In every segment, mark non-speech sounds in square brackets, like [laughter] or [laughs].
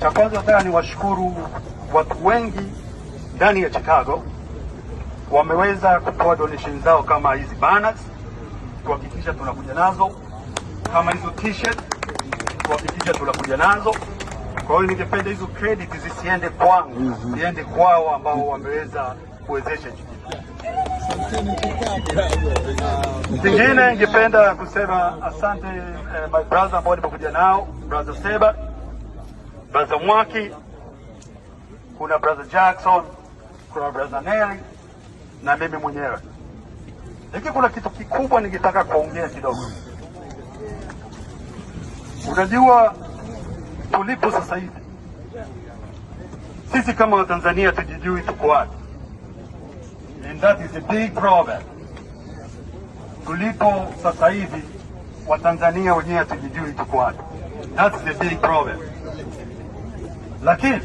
Cha kwanza nataka niwashukuru watu wengi ndani ya Chicago wameweza kutoa donation zao kama hizi banners, kuhakikisha tunakuja nazo, kama hizo t-shirt, kuhakikisha tunakuja nazo. Kwa hiyo ningependa hizo credit zisiende kwangu, mhm. ziende kwao ambao wameweza kuwezesha jiji. Kingine ningependa kusema asante, eh, my brother ambao nimekuja nao brother Seba Brother Mwaki, kuna Brother Jackson, kuna Brother Nelly na mimi mwenyewe. Lakini kuna kitu kikubwa ningetaka kuongea kidogo. Unajua tulipo sasa hivi sisi kama Watanzania tujijui tuko wapi, and that is a big problem. Tulipo sasa hivi Watanzania wenyewe tujijui tuko wapi, that's the big problem. Lakini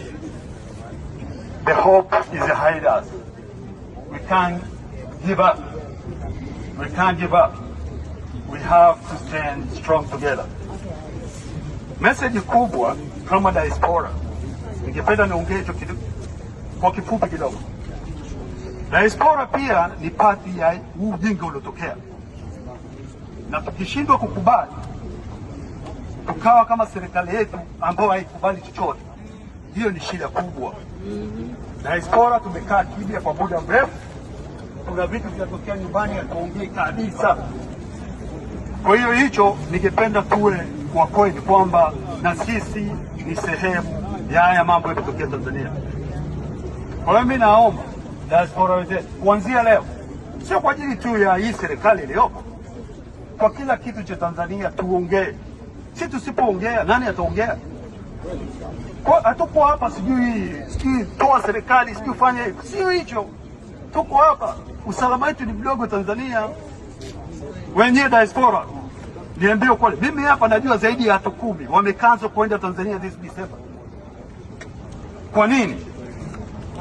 the hope is behind us. We can't give up. We can't give up. We have to stand strong together. Message kubwa kama diaspora, ningependa niongee hicho kidogo kwa kifupi kidogo. Diaspora pia ni pati ya huu ujinga uliotokea, na tukishindwa kukubali, tukawa kama serikali yetu ambayo haikubali chochote hiyo ni shida kubwa. Diaspora tumekaa kimya kwa muda mrefu, kuna vitu vinatokea nyumbani hatuongei kabisa. Kwa hiyo hicho ningependa tuwe kwa kweli kwamba na sisi ni sehemu ya haya mambo yakitokea Tanzania. Kwa hiyo mi naomba diaspora wenzetu kuanzia leo, sio kwa ajili tu ya hii serikali iliyopo, kwa kila kitu cha Tanzania tuongee. Si tusipoongea nani ataongea? Hatuko eh, hapa sijui sijui toa serikali sijui fanya hivi, sio hicho. Tuko hapa, usalama wetu ni mdogo Tanzania, wenyewe diaspora niambie kweli. Mimi hapa najua zaidi ya watu kumi wamekazwa kuenda Tanzania this December. Kwa nini?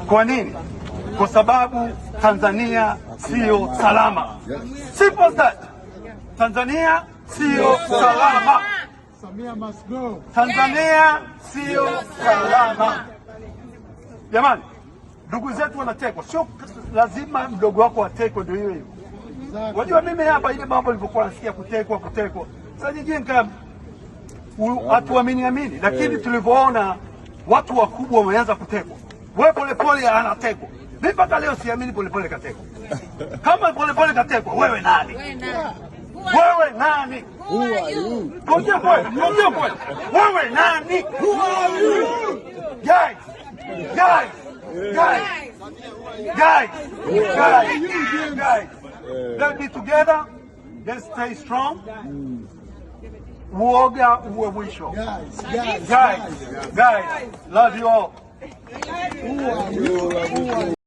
Kwa nini? Kwa sababu Tanzania sio salama. Simple as that. Tanzania sio salama. Samia must go. Tanzania sio salama. Jamani, ndugu zetu wanatekwa, sio lazima mdogo wako atekwe ndio hiyo hiyo. Unajua mimi hapa ile mambo nilivyokuwa nasikia kutekwa kutekwa, sasa nyingine kama hatuamini amini, lakini eh. tulivyoona watu wakubwa wameanza kutekwa, wewe Polepole anatekwa mimi mpaka leo siamini Polepole katekwa. [laughs] Kama Polepole katekwa, wewe nani? Wewe nani? Nani? Who are you? Go your boy. Go your boy. Wewe nani? Who are you? Guys. Guys. Guys. Guys. Guys. Guys. Let's be together. Let's stay strong. Uoga uwe mwisho. Guys. Guys. Guys. Love you all. Who are you?